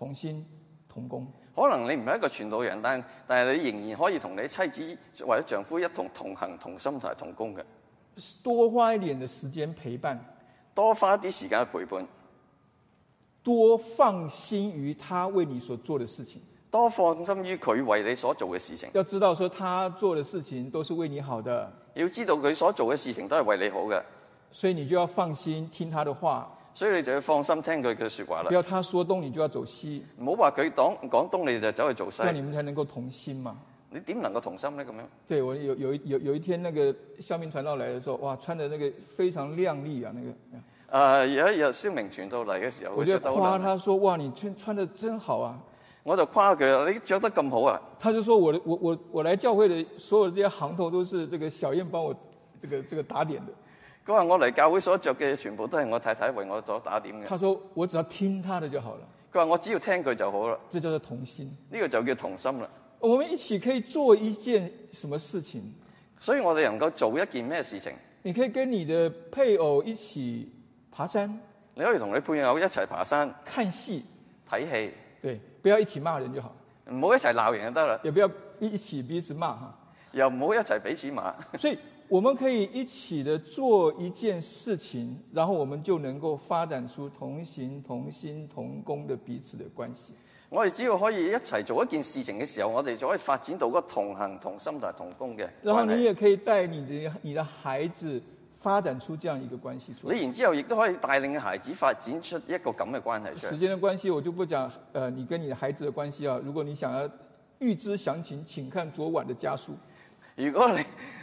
同心同工，可能你唔係一個傳統人，但但係你仍然可以同你妻子或者丈夫一同同行、同心同同工嘅。多花一點嘅時間陪伴，多花啲時間陪伴，多放心於他為你所做嘅事情，多放心於佢為你所做嘅事情。要知道，說他做的事情都是為你好嘅。要知道佢所做嘅事情都係為你好嘅，所以你就要放心聽他的話。所以你就要放心聽佢嘅說話啦。不要他說東，你就要走西。唔好話佢講講東，你就走去走西。咁你們才能夠同心嘛？你點能夠同心呢？咁樣？對，我有有有有一天，那個肖明傳道來嘅時候，哇，穿得那個非常靚麗啊，那個。啊、呃！而家有肖明傳道嚟嘅時候，我就誇他，說：哇，你穿穿得真好啊！我就誇佢啦，你著得咁好啊！他就說我：我我我我來教會的所有的這些行頭都是這個小燕幫我這個這個打點的。佢話：我嚟教會所着嘅全部都係我太太為我所打點嘅。佢話：我只要聽佢的就好了。佢話：我只要聽佢就好啦。呢、這個就叫同心啦。我哋一起可以做一件什麼事情？所以我哋能夠做一件咩事情？你可以跟你的配偶一起爬山。你可以同你配偶一齊爬山。看戲、睇戲，對，不要一起罵人就好。唔好一齊鬧人就得啦，也不要一起，一起，一起，罵，不要一起彼此罵又唔好一齊彼此罵。所以。我們可以一起的做一件事情，然後我們就能夠發展出同行同心同工的彼此的關係。我哋只要可以一齊做一件事情嘅時候，我哋就可以發展到個同行同心同工嘅。然後你也可以帶你的你的孩子發展出這樣一個關係出來。你然之後亦都可以帶領嘅孩子發展出一個咁嘅關係出來。時間的關係，我就不講。呃，你跟你的孩子嘅關係啊，如果你想要預知詳情，請看昨晚的家書。如果你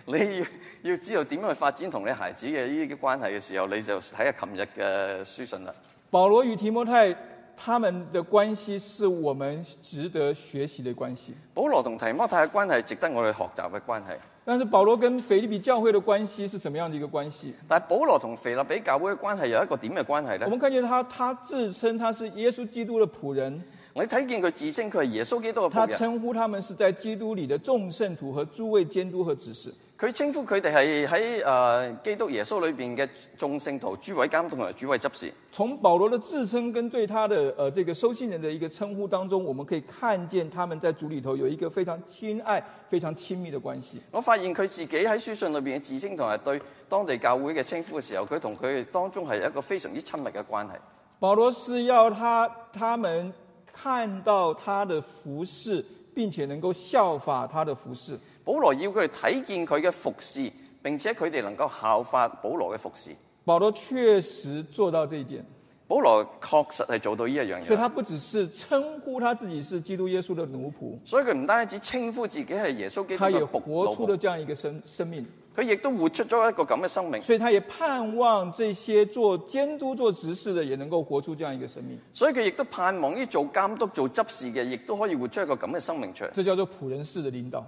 你要要知道點樣去發展同你孩子嘅呢啲關係嘅時候，你就睇下琴日嘅書信啦。保羅與提摩太，他們嘅關係係我們值得學習嘅關係。保羅同提摩太嘅關係係值得我哋學習嘅關係。但是保羅跟腓立比教會嘅關係係什麼樣嘅一個關係？但係保羅同腓立比教會嘅關係有一個點嘅關係咧？我們看見他，他自稱他是耶穌基督嘅僕人。我哋睇見佢自稱佢係耶穌基督嘅僕人。他稱呼他們是在基督裡的眾聖徒和諸位監督和指示。佢稱呼佢哋係喺誒基督耶穌裏邊嘅眾聖徒，諸位監督同埋諸位執事。從保羅的自稱跟對他的，誒、呃，這個收信人的一個稱呼當中，我們可以看見他們在主裏頭有一個非常親愛、非常親密的關係。我發現佢自己喺書信裏邊嘅自稱同埋對當地教會嘅稱呼嘅時候，佢同佢當中係一個非常之親密嘅關係。保羅是要他他們看到他的服事，並且能夠效法他的服事。保羅要佢哋睇見佢嘅服侍，並且佢哋能夠效法保羅嘅服侍。保羅確實做到呢件。保羅確實係做到呢一樣嘢。所以，他不只是稱呼他自己是基督耶穌嘅奴僕。所以佢唔單止稱呼自己係耶穌基督嘅，佢亦活出咗這樣一個生生命。佢亦都活出咗一個咁嘅生命。所以，他也盼望這些做監督、做執事嘅，也能夠活出這樣一個生命。所以，佢亦都盼望呢做監督、做執事嘅，亦都可以活出一個咁嘅生命出來。這叫做僕人式嘅領導。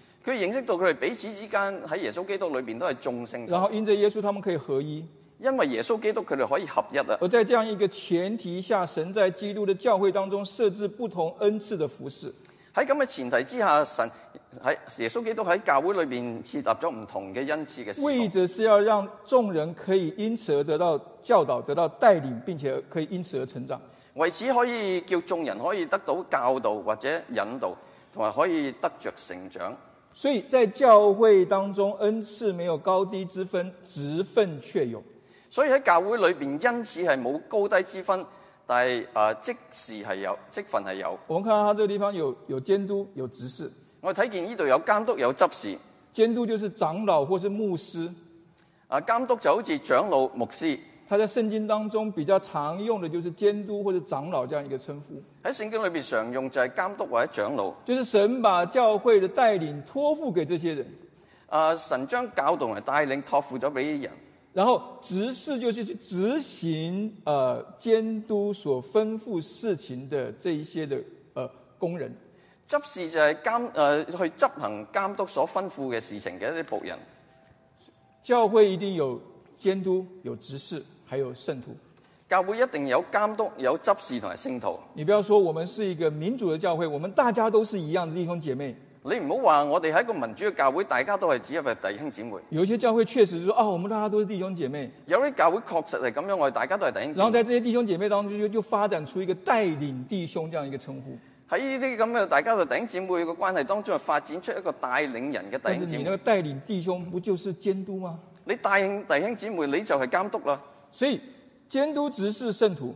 佢認識到佢哋彼此之間喺耶穌基督裏面都係眾聖，然後因着耶穌，他們可以合一，因為耶穌基督佢哋可以合一啊。而在這樣一個前提下，神在基督的教會當中設置不同恩賜的服侍。喺咁嘅前提之下，神喺耶穌基督喺教會裏面設立咗唔同嘅恩賜嘅。為者是要讓眾人可以因此而得到教導、得到帶領，並且可以因此而成長。為此可以叫眾人可以得到教導或者引導，同埋可以得着成長。所以在教會當中恩賜沒有高低之分，職份卻有。所以在教會裏面，恩賜係冇高低之分，但係啊職事係有，職份係有。我們看到佢呢個地方有有監督有執事。我睇見呢度有監督有執事，監督就是長老或是牧師，啊監督就好似長老牧師。他在聖經當中比較常用的就是監督或者長老這樣一個稱呼。喺聖經裏面常用就係監督或者長老。就是神把教會的帶領託付給這些人，啊神將教導嘅帶領託付咗俾人，然後執事就是去執行，呃監督所吩咐事情的這一些的，呃工人。執事就係監，誒、呃、去執行監督所吩咐的事情嘅一啲僕人。教會一定有監督，有執事。還有聖徒，教會一定有監督、有執事同埋聖徒。你不要說我們是一個民主的教會，我們大家都是一樣的弟兄姐妹。你唔好話我哋係一個民主嘅教會，大家都係只係咪弟兄姐妹？有些教會確實說，哦，我們大家都是弟兄姐妹。有啲教會確實係咁樣，我哋大家都係弟兄姐妹。然後在這些弟兄姐妹當中，就就發展出一個帶領弟兄這樣一個稱呼。喺呢啲咁嘅大家嘅弟兄姐妹嘅關係當中，發展出一個帶領人嘅弟兄姐妹。你那個帶領弟兄唔就是監督嗎？你帶領弟兄姐妹，你就係監督啦。所以監督只是聖徒，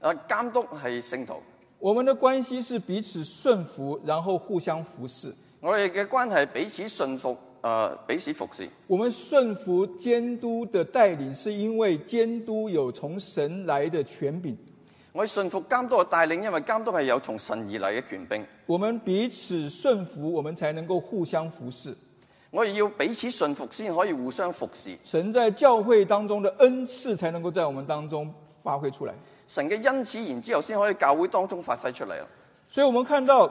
而監督是聖徒。我們的關係是彼此順服，然後互相服侍。我哋嘅關係係彼此順服，呃，彼此服侍。我們順服監督的帶領，是因為監督有從神來的權柄。我們順服監督的帶領，因為監督係有從神而來嘅權柄。我們彼此順服，我們才能夠互相服侍。我哋要彼此信服先可以互相服侍，神在教會當中的恩賜才能夠在我們當中發揮出來。神嘅恩賜然之後先可以教會當中發揮出嚟啦。所以，我們看到，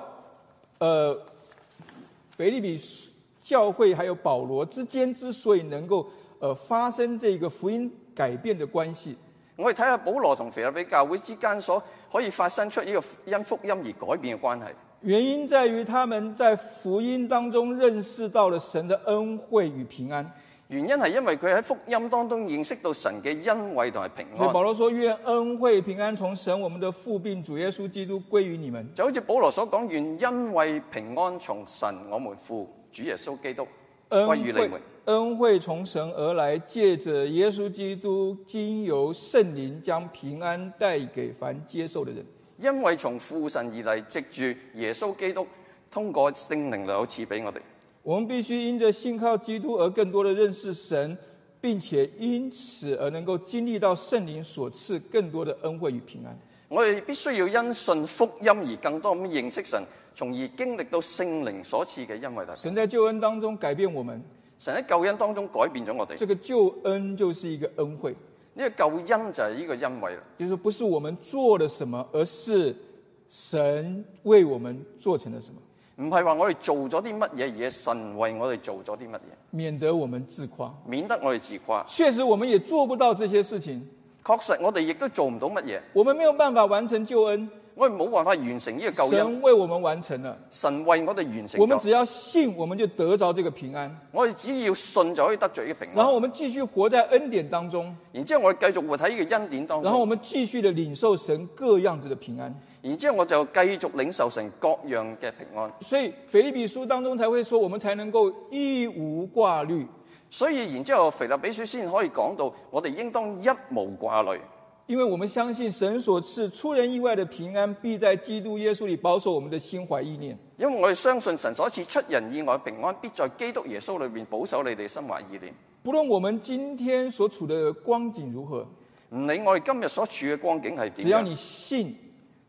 呃腓立比教會還有保羅之間之所以能夠，呃、發生這個福音改變的關係，我哋睇下保羅同腓立比教會之間所可以發生出呢個因福音而改變嘅關係。原因在於他們在福音當中認識到了神的恩惠與平安。原因係因為佢喺福音當中認識到神嘅恩惠同埋平安。所以保羅說：願恩惠平安從神我們的父並主耶穌基督歸於你們。就好似保羅所講：願恩惠平安從神我們父主耶穌基督歸於你們。恩惠，恩惠從神而來，借着耶穌基督，經由聖靈將平安帶給凡接受的人。因為從父神而嚟，藉住耶穌基督通過聖靈嚟好賜俾我哋。我們必須因着信靠基督而更多的認識神，並且因此而能夠經歷到聖靈所賜更多的恩惠與平安。我哋必須要因信福音而更多咁認識神，從而經歷到聖靈所賜嘅恩惠。神在救恩當中改變我們，神喺救恩當中改變咗我哋。這個救恩就是一個恩惠。呢、這個救恩就係呢個因為啦，就是不是說我們做了什麼，而是神為我們做成了什麼。唔係話我哋做咗啲乜嘢，而係神為我哋做咗啲乜嘢，免得我們自誇，免得我哋自誇。確實，我們也做不到這些事情。確實，我哋亦都做唔到乜嘢。我們沒有辦法完成救恩。我哋冇辦法完成呢個救恩。神為我們完成了。神為我哋完成。我們只要信，我們就得着這個平安。我哋只要信就可以得着一個平安。然後我們繼續活在恩典當中。然之後我們繼續活喺一個恩典當中。然後我們繼續的領受神各樣子的平安。然之後我就繼續領受神各樣嘅平安。所以腓立比書當中才會說，我們才能夠一無掛慮。所以然之後，腓立比書先可以講到，我哋應當一無掛慮。因為我們相信神所賜出人意外的平安，必在基督耶穌裏保守我們的心懷意念。因為我哋相信神所賜出人意外平安，必在基督耶穌裏面保守你哋心懷意念。不論我們今天所處的光景如何，唔理我哋今日所處嘅光景係點，只要你信，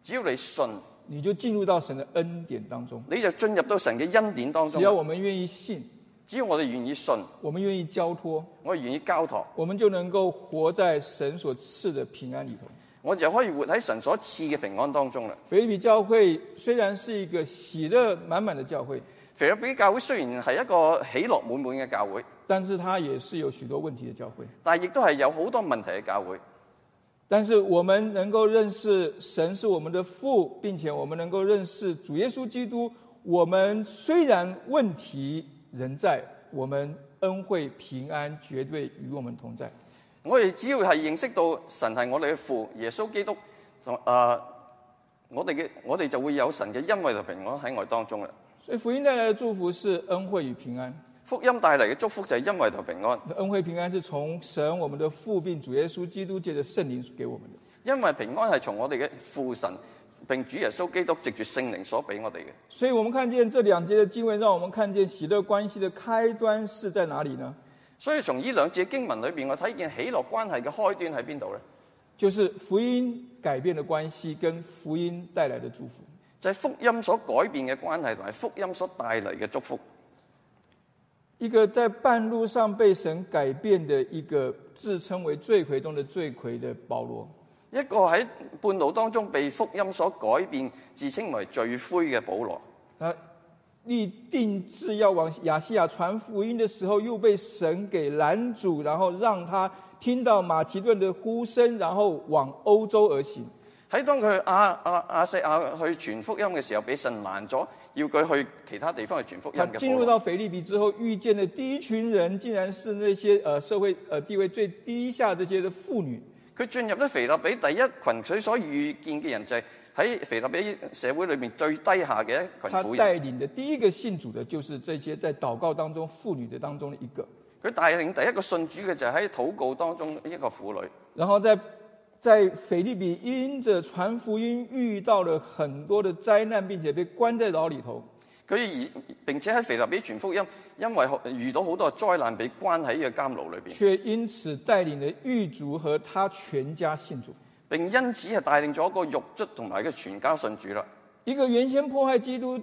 只要你信，你就進入到神嘅恩典當中，你就進入到神嘅恩典當中。只要我們願意信。只要我哋願意信，我們願意交託，我願意交託，我們就能夠活在神所賜的平安裏頭。我就可以活喺神所賜嘅平安當中啦。腓立比教會雖然是一個喜樂滿滿的教會，腓立比教會雖然是一個喜樂滿滿嘅教會，但是它也是有許多問題嘅教會。但也亦都是有好多問題嘅教會。但是我們能夠認識神是我們的父，並且我們能夠認識主耶穌基督。我們雖然問題。人在，我們恩惠平安絕對與我們同在。我哋只要係認識到神係我哋嘅父、耶穌基督，誒、啊，我哋嘅我哋就會有神嘅恩惠同平安喺我當中啦。所以福音帶嚟嘅祝福是恩惠與平安，福音帶嚟嘅祝福就係恩惠同平安。恩惠平安是從神，我們嘅父並主耶穌基督借着聖靈給我們嘅，恩惠平安係從我哋嘅父神。並主耶穌基督藉着聖靈所俾我哋嘅，所以我們看見這兩節嘅經文，讓我們看見喜樂關係的開端是在哪裡呢？所以從呢兩節經文裏面，我睇見喜樂關係嘅開端喺邊度咧？就是福音改變的關係，跟福音帶來的祝福，在，就是，福音所改變嘅關係，同埋福音所帶來嘅祝福。一個在半路上被神改變嘅一個自稱為罪魁中的罪魁嘅保羅。一個喺半路當中被福音所改變，自稱為罪魁嘅保羅。他立定志要往亞西亞傳福音的時候，又被神給攔住，然後讓他聽到馬其頓的呼聲，然後往歐洲而行。喺當佢亞、啊啊啊、西亞去傳福音嘅時候，俾神攔咗，要佢去其他地方去傳福音嘅。進入到腓立比之後，遇見的第一群人，竟然是那些呃社會呃地位最低下這些的婦女。佢進入咗腓立比第一群佢所遇見嘅人，就係喺腓立比社會裏面最低下嘅一群婦人。他帶領的第一個信主嘅，就是這些在禱告當中婦女的當中的一個。佢帶領第一個信主嘅，就喺禱告當中一個婦女。然後在在腓立比因着傳福音遇到了很多的災難，並且被關在牢裏頭。佢而並且喺腓立比傳福音，因為遇到好多災難，被關喺個監牢裏邊，卻因此帶領了獄卒和他全家信主。並因此係帶領咗一個獄卒同埋一個全家信主啦。一個原先迫害基督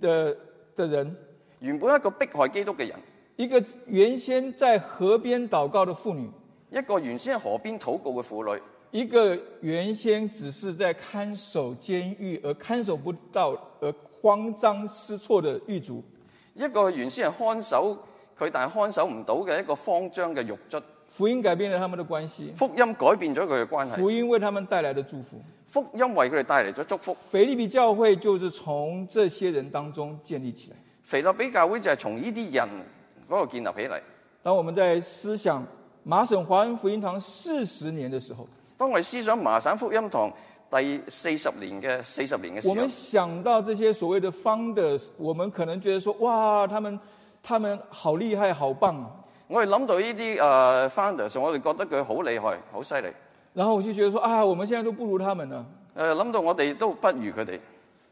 的的人，原本係一個迫害基督嘅人，一個原先在河邊禱告的婦女，一個原先喺河邊禱告嘅婦女，一個原先只是在看守監獄而看守不到而。慌張失措的獄卒，一個原先係看守佢，但係看守唔到嘅一個慌張嘅獄卒。福音改變了他們的關係，福音改變咗佢嘅關係，福音為他們帶來的祝福，福音為佢哋帶嚟咗祝福。腓立比教會就是從這些人當中建立起來，腓立比教會就係從呢啲人嗰度建立起嚟。當我們在思想麻省華恩福音堂四十年嘅時候，當我哋思想麻省福音堂。第四十年嘅四十年嘅時候，我們想到這些所謂的 founders，我們可能覺得說哇，他們他們好厲害，好棒啊！我哋諗到呢啲呃 founders，我就覺得佢好厲害，好犀利。然後我就覺得說啊、哎，我們現在都不如他們啦。呃諗到我哋都不如佢哋。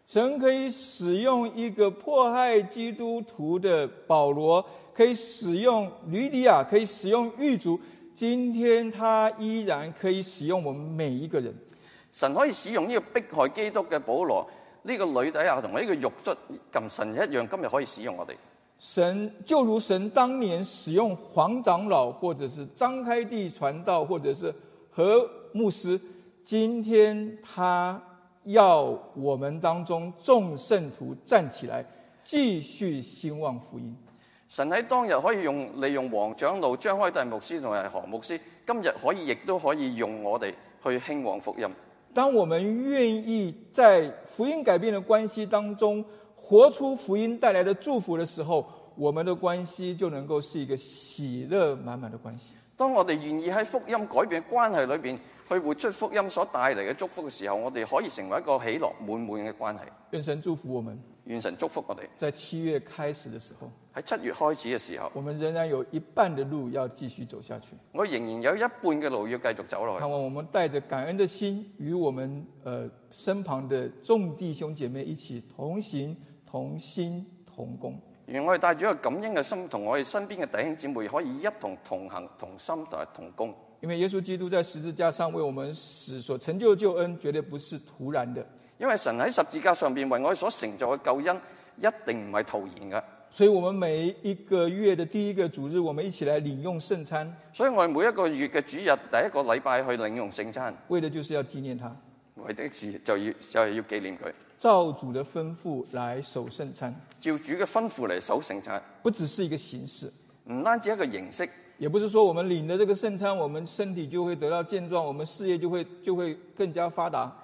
神可以使用一個迫害基督徒的保羅，可以使用呂底亞，可以使用獄卒，今天他依然可以使用我們每一個人。神可以使用呢個迫害基督嘅保羅，呢、這個呂底亞同呢個獄卒，咁神一樣，今日可以使用我哋。神就如神當年使用黃長老，或者是張開地傳道，或者是何牧師，今天他要我們當中眾聖徒站起來，繼續興旺福音。神喺當日可以用利用黃長老、張開地牧師同埋何牧師，今日可以亦都可以用我哋去興旺福音。當我們願意在福音改變的關係當中活出福音帶來的祝福的時候，我們的關係就能夠是一個喜樂滿滿的關係。當我哋願意喺福音改變嘅關係裏邊去活出福音所帶來嘅祝福嘅時候，我哋可以成為一個喜樂滿滿嘅關係。願神祝福我們。願神祝福我哋。在七月開始的時候，喺七月開始嘅時候，我們仍然有一半的路要繼續走下去。我仍然有一半嘅路要繼續走落去。睇下，我們帶着感恩的心，與我們呃身旁的眾弟兄姐妹一起同行同心同工。而我哋帶住一個感恩嘅心，同我哋身邊嘅弟兄姊妹可以一同同行同心同工。因為耶穌基督在十字架上為我們死所成就救恩，絕對不是徒然的。因為神喺十字架上面為我們所成就嘅救恩，一定唔係徒然嘅。所以，我們每一個月的第一個主日，我們一起來領用聖餐。所以我們每一個月嘅主日，第一個禮拜去領用聖餐，為的就是要紀念他。為的就就要就要紀念佢。照主的吩咐來守聖餐。照主嘅吩咐嚟守聖餐，不只是一個形式，唔單止一個形式，也不是說我們領咗這個聖餐，我們身體就會得到健壯，我們事業就會就會更加發達。